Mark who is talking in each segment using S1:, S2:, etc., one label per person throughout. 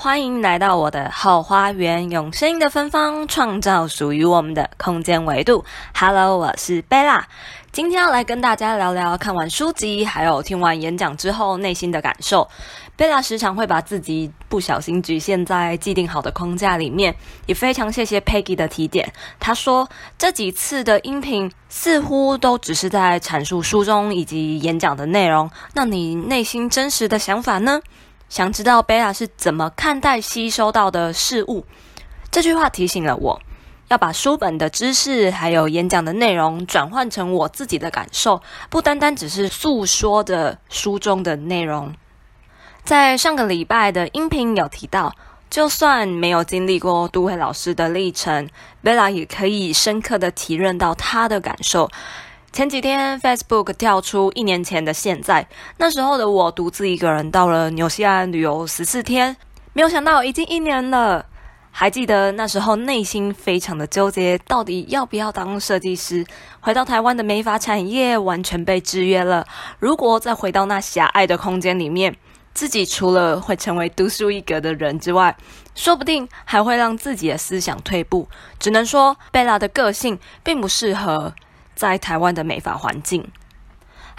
S1: 歡迎來到我的 Hoo 花園，用聲音的芬芳創造屬於我們的空間維度。Hello，我是 Bella，今天要來跟大家聊聊看完書籍還有聽完演講之後內心的感受。Bella 時常會把自己不小心局限在既定好的框架裡面，也非常謝謝 Peggy 的提點。她說，這幾次的音頻似乎都只是在闡述書中以及演講的內容，那你內心真實的想法呢？想知道貝拉是怎麼看待吸收到的事物。這句話提醒了我，要把書本的知識還有演講的內容轉換成我自己的感受，不單單只是訴說的書中的內容。在上個禮拜的音頻有提到，就算沒有經歷過杜會老師的歷程，貝拉也可以深刻的體認到他的感受。前幾天，Facebook 跳出一年前的現在。那時候的我獨自一個人到了紐西蘭旅遊十四天，沒有想到已經一年了。還記得那時候內心非常的糾結，到底要不要當設計師？回到台灣的美髮產業完全被制約了。如果再回到那狹隘的空間裡面，自己除了會成為獨樹一格的人之外，說不定還會讓自己的思想退步。只能說，貝拉的個性並不適合。在台灣的美髮環境。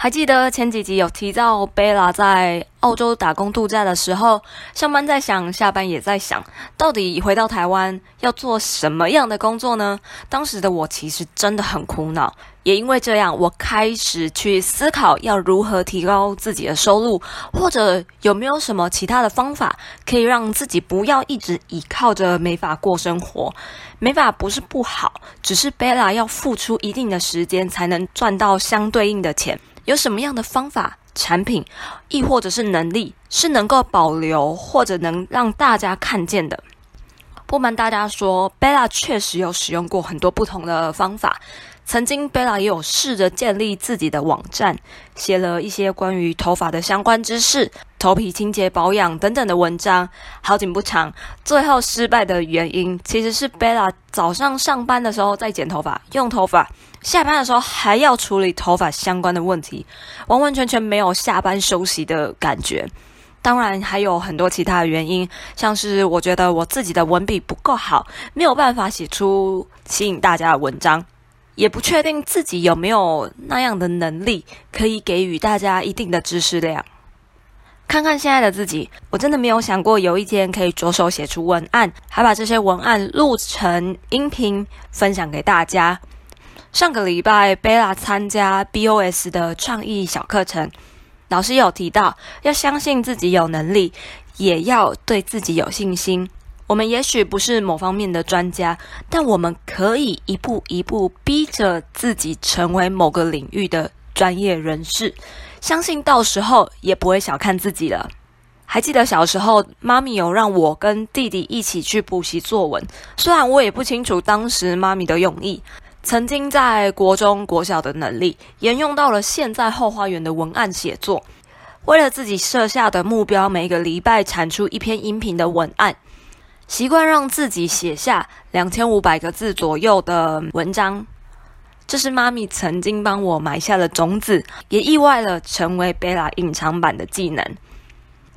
S1: 還記得前幾集有提到貝拉在澳洲打工度假的時候，上班在想，下班也在想，到底回到台灣要做什麼樣的工作呢？當時的我其實真的很苦惱，也因為這樣，我開始去思考要如何提高自己的收入，或者有沒有什麼其他的方法可以讓自己不要一直依靠着美髮過生活。美髮不是不好，只是貝拉要付出一定的時間才能賺到相對應的錢。有什麼樣的方法、產品，亦或者是能力，是能夠保留或者能讓大家看見的？不瞞大家說，貝拉確實有使用過很多不同的方法。曾經，貝拉也有試着建立自己的網站，寫了一些關於頭髮的相關知識、頭皮清潔保養等等的文章。好景不長，最後失敗的原因其實是貝拉早上上班的時候在剪頭髮、用頭髮。下班的時候還要處理頭髮相關的問題，完完全全沒有下班休息的感覺。當然還有很多其他的原因，像是我覺得我自己的文筆不夠好，沒有辦法寫出吸引大家的文章，也不確定自己有沒有那樣的能力可以給予大家一定的知識量。看看現在的自己，我真的沒有想過有一天可以着手寫出文案，還把這些文案錄成音頻分享給大家。上個禮拜，Bella 參加 BOS 的創意小課程，老師有提到要相信自己有能力，也要對自己有信心。我們也許不是某方面的專家，但我們可以一步一步逼着自己成為某個領域的專業人士。相信到時候也不會小看自己了。還記得小時候，媽咪有讓我跟弟弟一起去補習作文，雖然我也不清楚當時媽咪的用意。曾經在國中、國小的能力，沿用到了現在後花園的文案寫作。為了自己設下的目標，每個禮拜產出一篇音頻的文案，習慣讓自己寫下兩千五百個字左右的文章。這是媽咪曾經幫我埋下的種子，也意外地成為貝拉隱藏版的技能。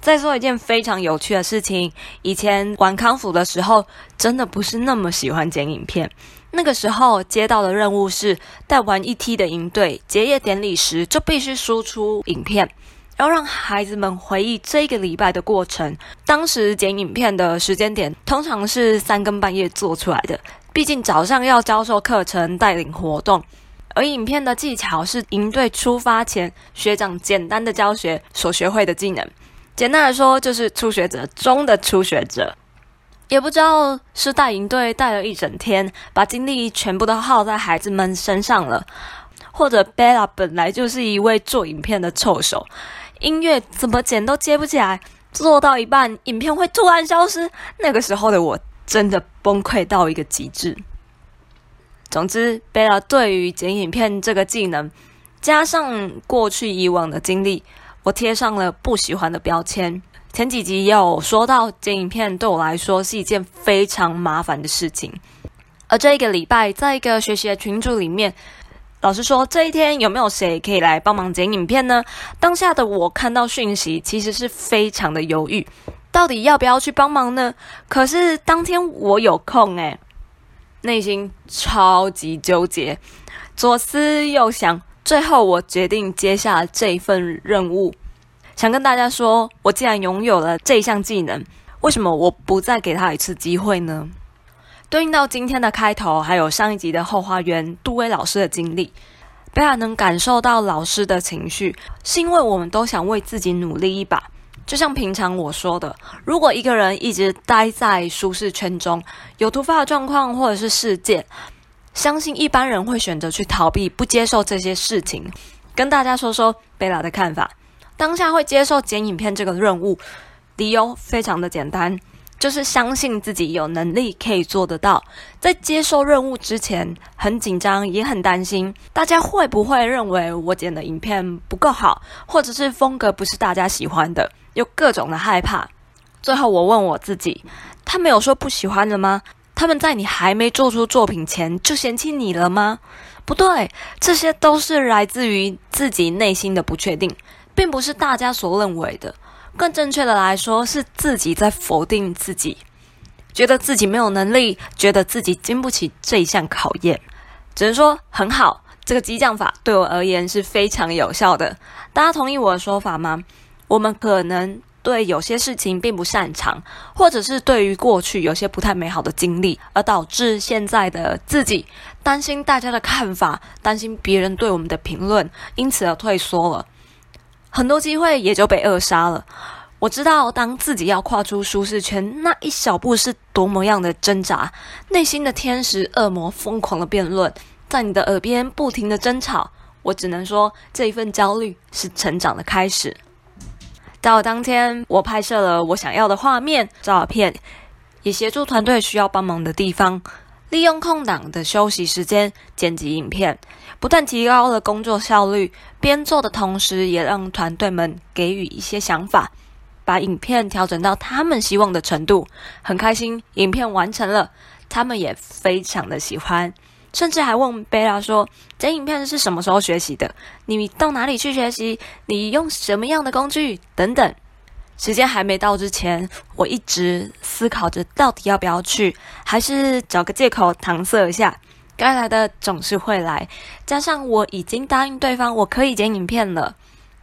S1: 再說一件非常有趣的事情，以前玩康輔的時候，真的不是那麼喜歡剪影片。那個時候接到的任務是，帶完一梯的營隊結業典禮時，就必須輸出影片，要讓孩子們回憶這個禮拜的過程。當時剪影片的時間點，通常是三更半夜做出來的，畢竟早上要教授課程、帶領活動。而影片的技巧是營隊出發前學長簡單的教學所學會的技能。簡單來說，就是初學者中的初學者。也不知道是帶營隊帶了一整天，把精力全部都耗在孩子們身上了，或者貝拉本來就是一位做影片的臭手，音樂怎麼剪都接不起來，做到一半影片會突然消失，那個時候的我真的崩潰到一個極致。總之，貝拉對於剪影片這個技能，加上過去以往的經歷，我貼上了不喜歡的標籤。前幾集也有說到剪影片對我來說是一件非常麻煩的事情，而這一個禮拜在一個學習的群組裡面，老師說這一天有沒有誰可以來幫忙剪影片呢？當下的我看到訊息其實是非常的猶豫，到底要不要去幫忙呢？可是當天我有空誒，內心超級糾結，左思右想，最後我決定接下了這一份任務。想跟大家說，我既然擁有了這一項技能，為什麼我不再給他一次機會呢？對應到今天的開頭，還有上一集的後花園，杜威老師的經歷，貝拉能感受到老師的情緒，是因為我們都想為自己努力一把。就像平常我說的，如果一個人一直待在舒適圈中，有突發的狀況或者是事件，相信一般人會選擇去逃避、不接受這些事情。跟大家說說貝拉的看法。當下會接受剪影片這個任務，理由非常的簡單，就是相信自己有能力可以做得到。在接受任務之前，很緊張，也很擔心大家會不會認為我剪的影片不夠好，或者是風格不是大家喜歡的，有各種的害怕。最後我問我自己：他沒有說不喜歡的嗎？他們在你還沒做出作品前就嫌棄你了嗎？不對，這些都是來自於自己內心的不確定。並不是大家所認為的，更正確的來說是自己在否定自己，覺得自己沒有能力，覺得自己經不起這一項考驗。只能說很好，這個激將法對我而言是非常有效的。大家同意我的說法嗎？我們可能對有些事情並不擅長，或者是對於過去有些不太美好的經歷，而導致現在的自己擔心大家的看法，擔心別人對我們的評論，因此而退縮了。很多機會也就被扼殺了。我知道，當自己要跨出舒適圈那一小步，是多麼樣的掙扎，內心的天使惡魔瘋狂的辯論，在你的耳邊不停的爭吵。我只能說，這一份焦慮是成長的開始。到了當天，我拍攝了我想要的畫面、照片，也協助團隊需要幫忙的地方。利用空檔的休息時間剪輯影片，不斷提高了工作效率。邊做的同時，也讓團隊們給予一些想法，把影片調整到他們希望的程度。很開心，影片完成了，他們也非常的喜歡，甚至還問貝拉說：“剪影片是什麼時候學習的？你到哪裡去學習？你用什麼樣的工具？等等。”時間還沒到之前，我一直思考着到底要不要去，還是找個借口搪塞一下。該來的總是會來，加上我已經答應對方我可以剪影片了。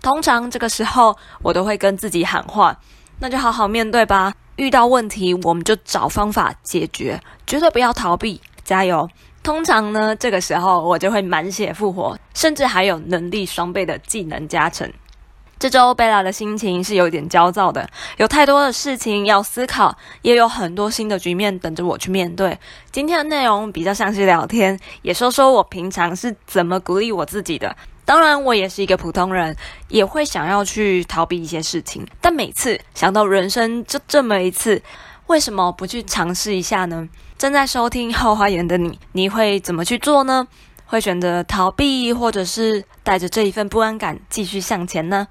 S1: 通常這個時候我都會跟自己喊話：“那就好好面對吧，遇到問題我們就找方法解決，絕對不要逃避，加油。”通常呢，這個時候我就會滿血復活，甚至還有能力雙倍的技能加成。這週貝拉的心情是有點焦躁的，有太多的事情要思考，也有很多新的局面等着我去面對。今天的內容比較像是聊天，也說說我平常是怎麼鼓勵我自己的。當然，我也是一個普通人，也會想要去逃避一些事情。但每次想到人生就這麼一次，為什麼不去嘗試一下呢？正在收聽 Hoo 花園的你，你會怎麼去做呢？會選擇逃避，或者是帶着這一份不安感繼續向前呢？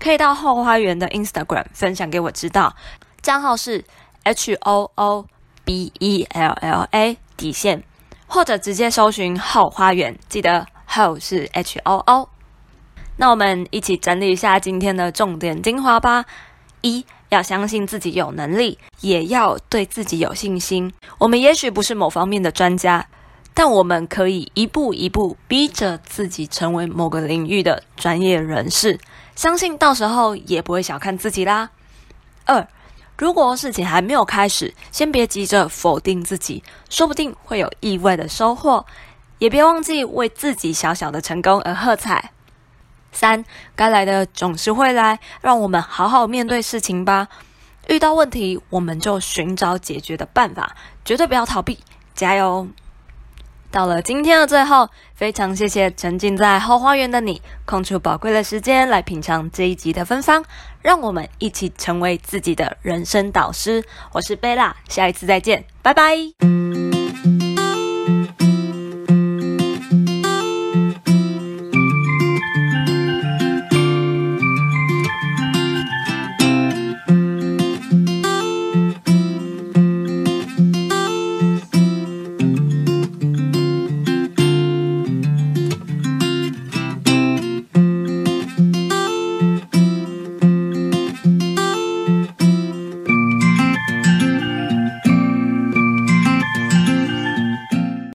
S1: 可以到後花園的 Instagram 分享給我知道，賬號是 H O O B E L L A 底線，或者直接搜尋後花園，記得後是 H O O。那我們一起整理一下今天的重點精華吧。一、要相信自己有能力，也要對自己有信心。我們也許不是某方面的專家，但我們可以一步一步逼着自己成為某個領域的專業人士。相信到時候也不會小看自己啦。二，如果事情還沒有開始，先別急着否定自己，說不定會有意外的收穫。也別忘記為自己小小的成功而喝彩。三，該來的總是會來，讓我們好好面對事情吧。遇到問題，我們就尋找解決的辦法，絕對不要逃避。加油！到了今天的最後，非常謝謝沉浸在 Hoo 花園的你，空出寶貴的時間來品嘗這一集的芬芳。讓我們一起成為自己的人生導師。我是 Bella，下一次再見，拜拜。